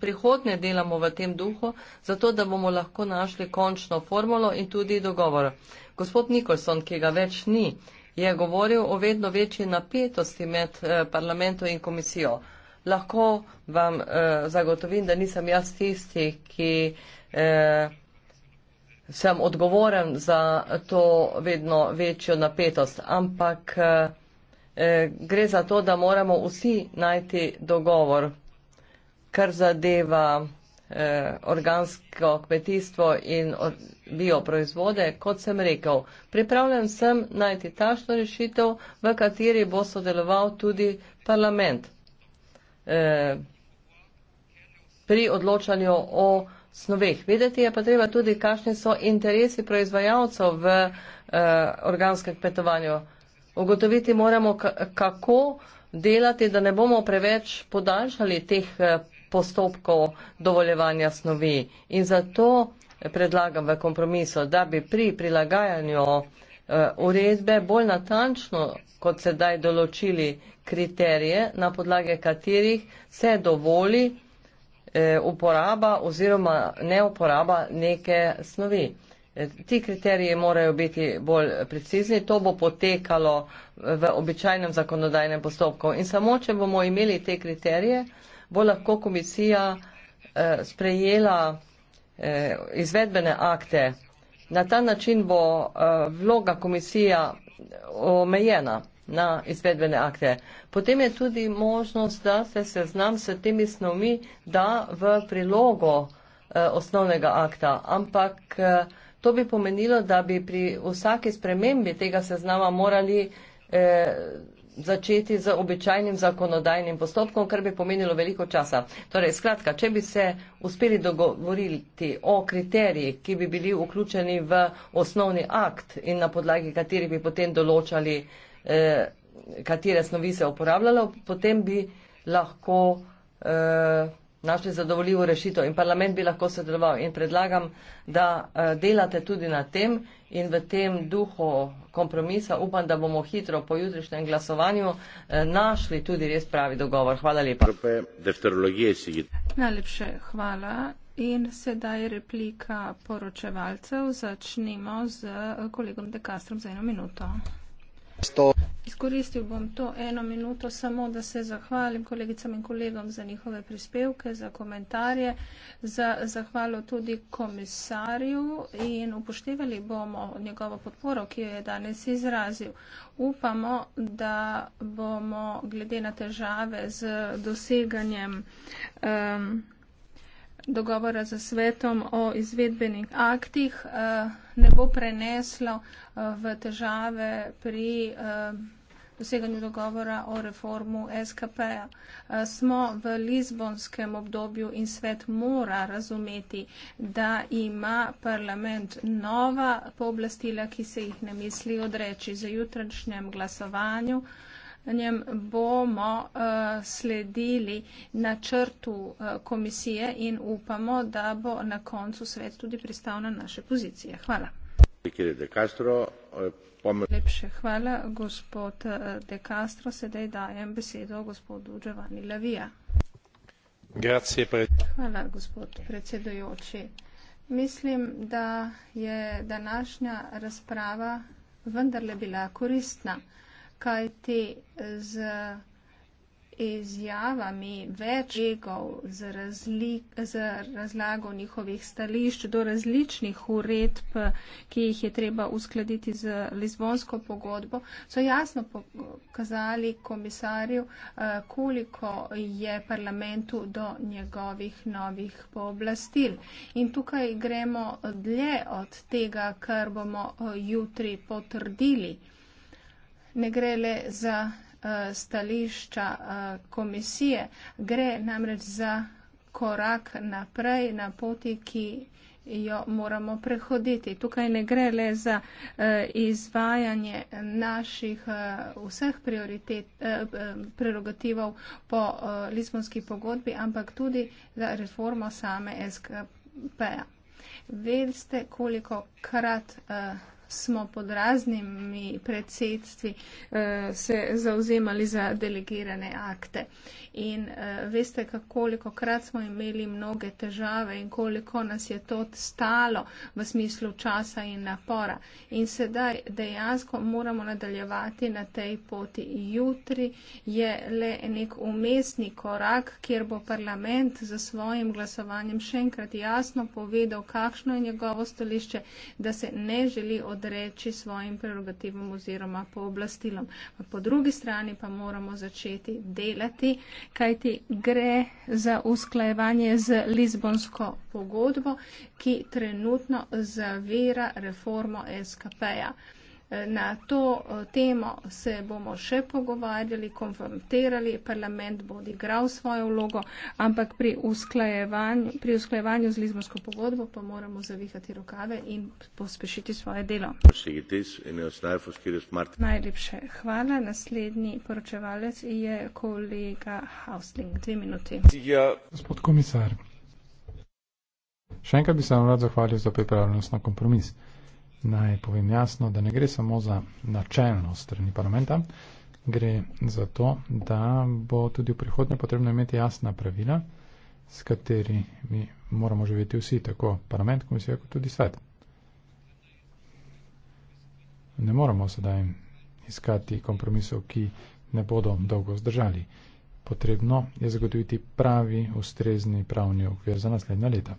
prihodnje delamo v tem duhu, zato da bomo lahko našli končno formulo in tudi dogovor. Gospod Nikolson, ki ga več ni, je govoril o vedno večji napetosti med eh, parlamentom in komisijo. Lahko vam eh, zagotovim, da nisem jaz tisti, ki. Eh, sem odgovoren za to vedno večjo napetost, ampak eh, eh, gre za to, da moramo vsi najti dogovor, kar zadeva eh, organsko kmetijstvo in bioproizvode. Kot sem rekel, pripravljen sem najti tašno rešitev, v kateri bo sodeloval tudi parlament pri odločanju o snoveh. Vedeti je pa treba tudi, kakšni so interesi proizvajalcev v uh, organskem kmetovanju. Ugotoviti moramo, kako delati, da ne bomo preveč podaljšali teh eh, postopkov dovoljevanja snovi. In zato predlagam v kompromisu, da bi pri prilagajanju eh, uredbe bolj natančno, kot sedaj določili kriterije, na podlage katerih se dovoli Eh, uporaba oziroma neuporaba neke snovi. Eh, ti kriteriji morajo biti bolj precizni, to bo potekalo v običajnem zakonodajnem postopku in samo, če bomo imeli te kriterije, bo lahko komisija eh, sprejela izvedbene akte. Na ta način bo vloga komisija omejena na izvedbene akte. Potem je tudi možnost, da se seznam s temi snovmi, da v prilogo eh, osnovnega akta, ampak eh, to bi pomenilo, da bi pri vsaki spremembi tega seznama morali eh, začeti z običajnim zakonodajnim postopkom, kar bi pomenilo veliko časa. Torej, skratka, če bi se uspeli dogovoriti o kriterijih, ki bi bili vključeni v osnovni akt in na podlagi katerih bi potem določali Eh, katere snovi se je uporabljalo, potem bi lahko eh, našli zadovoljivo rešitev in parlament bi lahko sodeloval. In predlagam, da eh, delate tudi na tem in v tem duhu kompromisa upam, da bomo hitro po jutrišnjem glasovanju našli tudi res pravi dogovor. Hvala lepa. Najlepše hvala. In sedaj replika poročevalcev. Začnimo z kolegom Dekastrom za eno minuto. 100. Izkoristil bom to eno minuto samo, da se zahvalim kolegicam in kolegom za njihove prispevke, za komentarje, za zahvalo tudi komisarju in upoštevali bomo njegovo podporo, ki jo je danes izrazil. Upamo, da bomo glede na težave z doseganjem. Um, dogovora z svetom o izvedbenih aktih eh, ne bo preneslo eh, v težave pri eh, doseganju dogovora o reformu SKP-ja. Smo v Lizbonskem obdobju in svet mora razumeti, da ima parlament nova pooblastila, ki se jih ne misli odreči za jutranjšnjem glasovanju njem bomo uh, sledili na črtu uh, eh, komisije in upamo, da bo na koncu svet tudi pristal na naše pozicije. Hvala. Eh, Lepše hvala, gospod De Castro. Sedaj dajem besedo gospodu Giovanni Lavija. Hvala, gospod predsedujoči. Mislim, da je današnja razprava vendarle bila koristna kaj te z izjavami več egov, z, z razlago njihovih stališč do različnih uredb, ki jih je treba uskladiti z Lizbonsko pogodbo, so jasno pokazali komisarju, eh, koliko je parlamentu do njegovih novih pooblastil. In tukaj gremo dlje od tega, kar bomo eh, jutri potrdili ne gre le za uh, stališča uh, komisije, gre namreč za korak naprej na poti, ki jo moramo prehoditi. Tukaj ne gre le za uh, izvajanje naših uh, vseh prioritet, uh, prerogativov po uh, Lisbonski pogodbi, ampak tudi za reformo same SKP-ja. Veste, koliko krat uh, smo pod raznimi predsedstvi eh, se zauzemali za delegirane akte. In eh, veste, koliko krat smo imeli mnoge težave in koliko nas je to stalo v smislu časa in napora. In sedaj dejansko moramo nadaljevati na tej poti. Jutri je le nek umestni korak, kjer bo parlament za svojim glasovanjem še enkrat jasno povedal, kakšno je njegovo stolišče, da se ne želi odpraviti odreči svojim prerogativom oziroma pooblastilom. Po drugi strani pa moramo začeti delati, kajti gre za usklajevanje z Lizbonsko pogodbo, ki trenutno zavira reformo SKP-ja. Na to eh, temo se bomo še pogovarjali, konfrontirali, parlament bo odigral svojo vlogo, ampak pri usklajevanju, pri usklajevanju z Lizbonsko pogodbo pa moramo zavihati rokave in pospešiti svoje delo. Najlepše hvala. Naslednji poročevalec je kolega Hausling. Dve minuti. Ja. Gospod komisar, še enkrat bi se vam rad zahvalil za pripravljenost na kompromis. Naj povem jasno, da ne gre samo za načelnost strani parlamenta, gre za to, da bo tudi v prihodnje potrebno imeti jasna pravila, s katerimi moramo živeti vsi, tako parlament, komisija, kot tudi svet. Ne moramo sedaj iskati kompromisov, ki ne bodo dolgo zdržali. Potrebno je zagotoviti pravi, ustrezni pravni okvir za naslednja leta.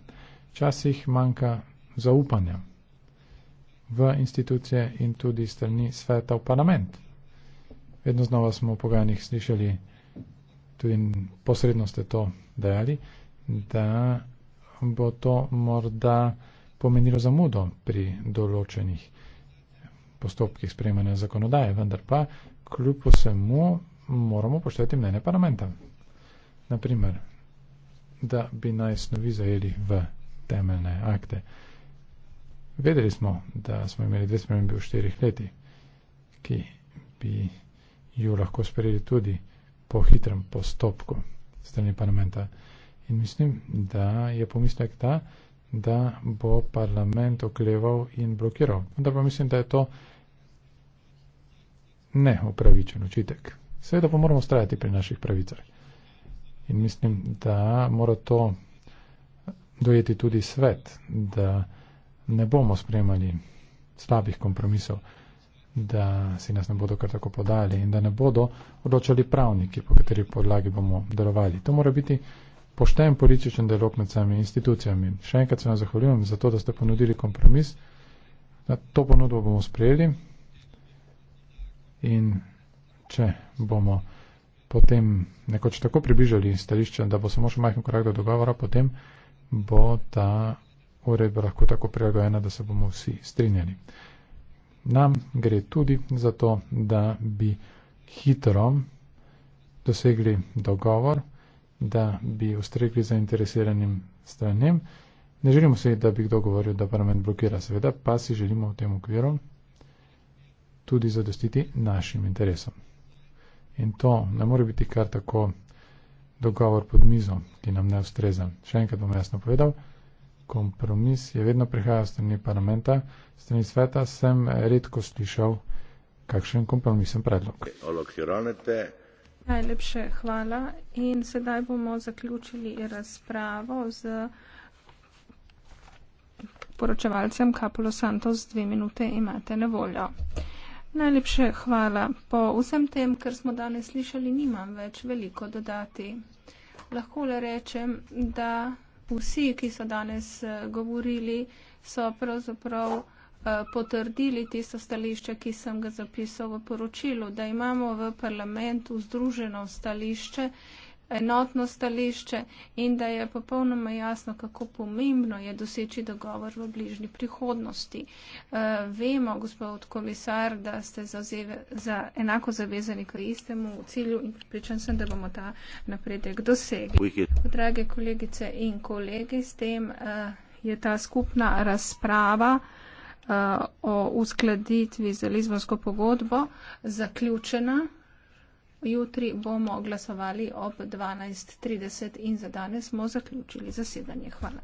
Včasih manjka zaupanja v institucije in tudi strani sveta v parlament. Vedno znova smo v pogajanjih slišali, tudi posredno ste to dejali, da bo to morda pomenilo zamudo pri določenih postopkih sprejmanja zakonodaje, vendar pa kljub vsemu moramo poštevati mnenje parlamenta. Naprimer, da bi naj snovi zajeli v temeljne akte. Vedeli smo, da smo imeli dve spremembe v štirih letih, ki bi jo lahko sprejeli tudi po hitrem postopku strani parlamenta. In mislim, da je pomislek ta, da bo parlament okleval in blokiral. Vendar pa mislim, da je to neopravičen očitek. Seveda pa moramo strajati pri naših pravicah. In mislim, da mora to dojeti tudi svet, da ne bomo spremali slabih kompromisov, da si nas ne bodo kar tako podali in da ne bodo odločali pravniki, po kateri podlagi bomo delovali. To mora biti pošten političen delok med sami institucijami. Še enkrat se vam zahvaljujem za to, da ste ponudili kompromis. Na to ponudbo bomo sprejeli in če bomo potem nekoč tako približali stališča, da bo samo še majhen korak do dogovora, potem bo ta uredba lahko tako prilagojena, da se bomo vsi strinjali. Nam gre tudi za to, da bi hitro dosegli dogovor, da bi ustregli zainteresiranim stranem. Ne želimo se, da bi kdo govoril, da parlament blokira, seveda pa si želimo v tem okviru tudi zadostiti našim interesom. In to ne more biti kar tako dogovor pod mizo, ki nam ne ustreza. Še enkrat bom jasno povedal kompromis je vedno prihajal strani parlamenta, strani sveta sem redko slišal, kakšen kompromisen predlog. Najlepše hvala in sedaj bomo zaključili razpravo z poročevalcem Kapolo Santos, dve minute imate na voljo. Najlepše hvala. Po vsem tem, kar smo danes slišali, nimam več veliko dodati. Lahko le rečem, da vsi, ki so danes eh, govorili, so pravzaprav eh, potrdili tisto stališče, ki sem ga zapisal v poročilu, da imamo v parlamentu združeno stališče, enotno stališče in da je popolnoma jasno, kako pomembno je doseči dogovor v bližnji prihodnosti. Eh, vemo, gospod komisar, da ste za enako zavezani k istemu cilju in pričan sem, da bomo ta napredek dosegli. Drage kolegice in kolegi, s tem eh, je ta skupna razprava eh, o uskladitvi za Lizbonsko pogodbo zaključena. Jutri bomo glasovali ob 12.30 in za danes smo zaključili zasedanje. Hvala.